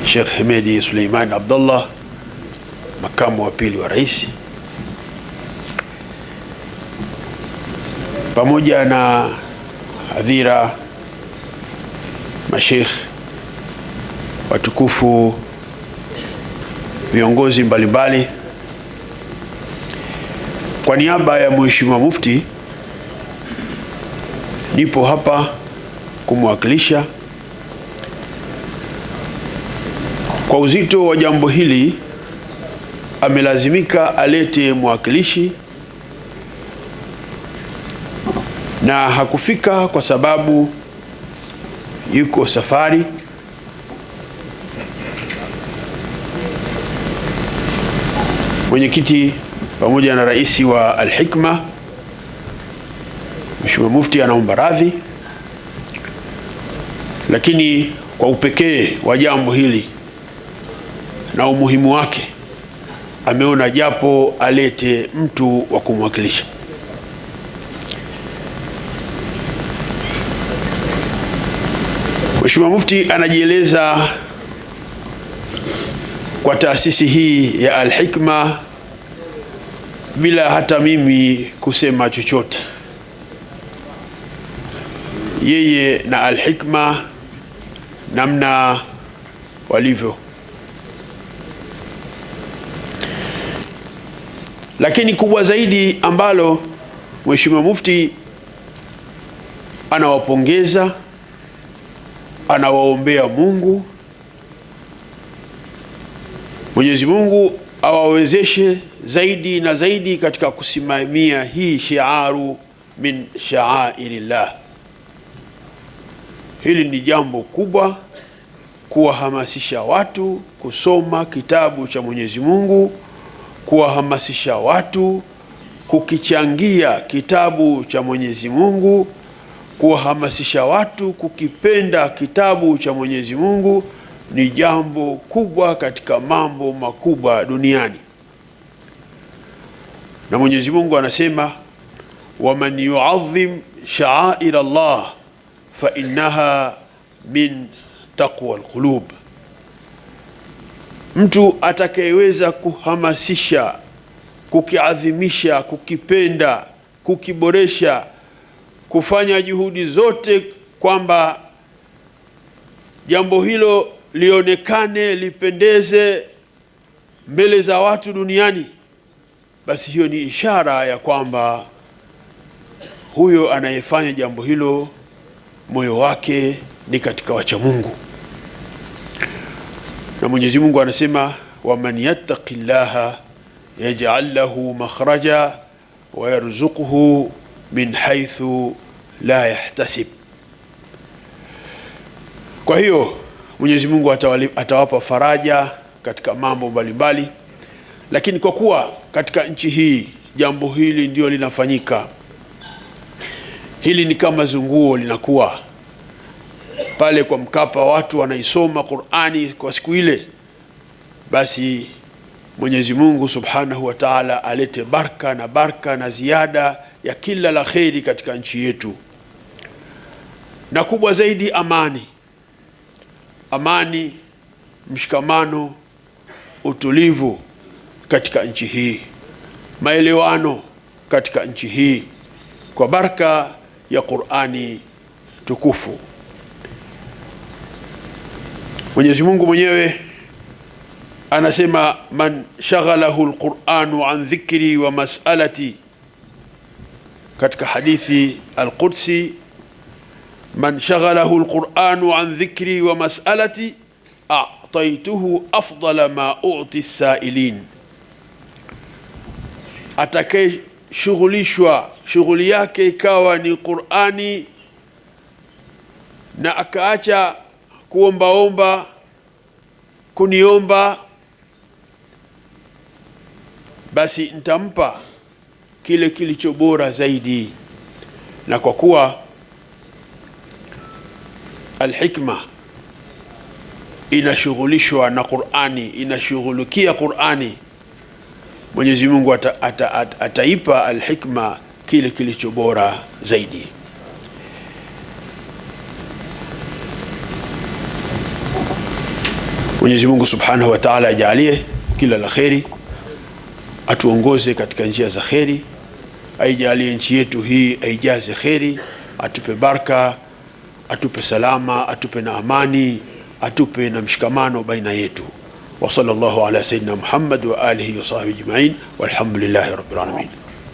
Sheikh Hemedi Suleiman Abdullah, makamu wa pili wa rais, pamoja na hadhira, mashekh watukufu, viongozi mbalimbali, kwa niaba ya Mheshimiwa Mufti nipo hapa kumwakilisha Kwa uzito wa jambo hili amelazimika alete mwakilishi na hakufika kwa sababu yuko safari. Mwenyekiti pamoja na rais wa alhikma Mheshimiwa Mufti anaomba radhi, lakini kwa upekee wa jambo hili na umuhimu wake, ameona japo alete mtu wa kumwakilisha. Mheshimiwa Mufti anajieleza kwa taasisi hii ya Al-Hikma bila hata mimi kusema chochote. Yeye na Al-Hikma namna walivyo Lakini kubwa zaidi ambalo Mheshimiwa Mufti anawapongeza, anawaombea Mungu, Mwenyezi Mungu awawezeshe zaidi na zaidi katika kusimamia hii shiaru min shaairillah. Hili ni jambo kubwa, kuwahamasisha watu kusoma kitabu cha Mwenyezi Mungu kuwahamasisha watu, kukichangia kitabu cha Mwenyezi Mungu, kuwahamasisha watu kukipenda kitabu cha Mwenyezi Mungu ni jambo kubwa katika mambo makubwa duniani. Na Mwenyezi Mungu anasema, waman yuadhim shaair Allah fa innaha min taqwa alqulub Mtu atakayeweza kuhamasisha, kukiadhimisha, kukipenda, kukiboresha, kufanya juhudi zote kwamba jambo hilo lionekane, lipendeze mbele za watu duniani, basi hiyo ni ishara ya kwamba huyo anayefanya jambo hilo moyo wake ni katika wacha Mungu na Mwenyezi Mungu anasema waman yattaqi llaha yaj'al lahu makhraja wa yarzuquhu min haythu la yahtasib. Kwa hiyo Mwenyezi Mungu atawapa faraja katika mambo mbalimbali, lakini kwa kuwa katika nchi hii jambo hili ndio linafanyika, hili ni kama zunguo linakuwa pale kwa Mkapa watu wanaisoma Qur'ani kwa siku ile, basi Mwenyezi Mungu Subhanahu wa Ta'ala alete baraka na baraka na ziada ya kila la kheri katika nchi yetu, na kubwa zaidi amani, amani, mshikamano, utulivu katika nchi hii, maelewano katika nchi hii, kwa baraka ya Qur'ani tukufu. Mwenyezi Mungu mwenyewe anasema, man shaghalahu alquranu an dhikri wa mas'alati, katika hadithi alqudsi, man shaghalahu alquranu an dhikri wa mas'alati ataituhu afdala ma uti sailin, atakayeshughulishwa shughuli yake ikawa ni Qurani na akaacha kuombaomba, kuniomba, basi nitampa kile kilicho bora zaidi. Na kwa kuwa alhikma inashughulishwa na Qur'ani, inashughulikia Qur'ani, Mwenyezi Mungu ataipa ata, ata, ataipa alhikma kile kilicho bora zaidi. Mwenyezi Mungu Subhanahu wa Ta'ala ajalie kila la kheri, atuongoze katika njia za kheri, aijalie nchi yetu hii, aijaze kheri, atupe baraka, atupe salama, atupe na amani, atupe na mshikamano baina yetu. Wa sallallahu ala sayyidina Muhammad wa alihi wa sahbihi ajma'in, walhamdulillahi rabbil alamin.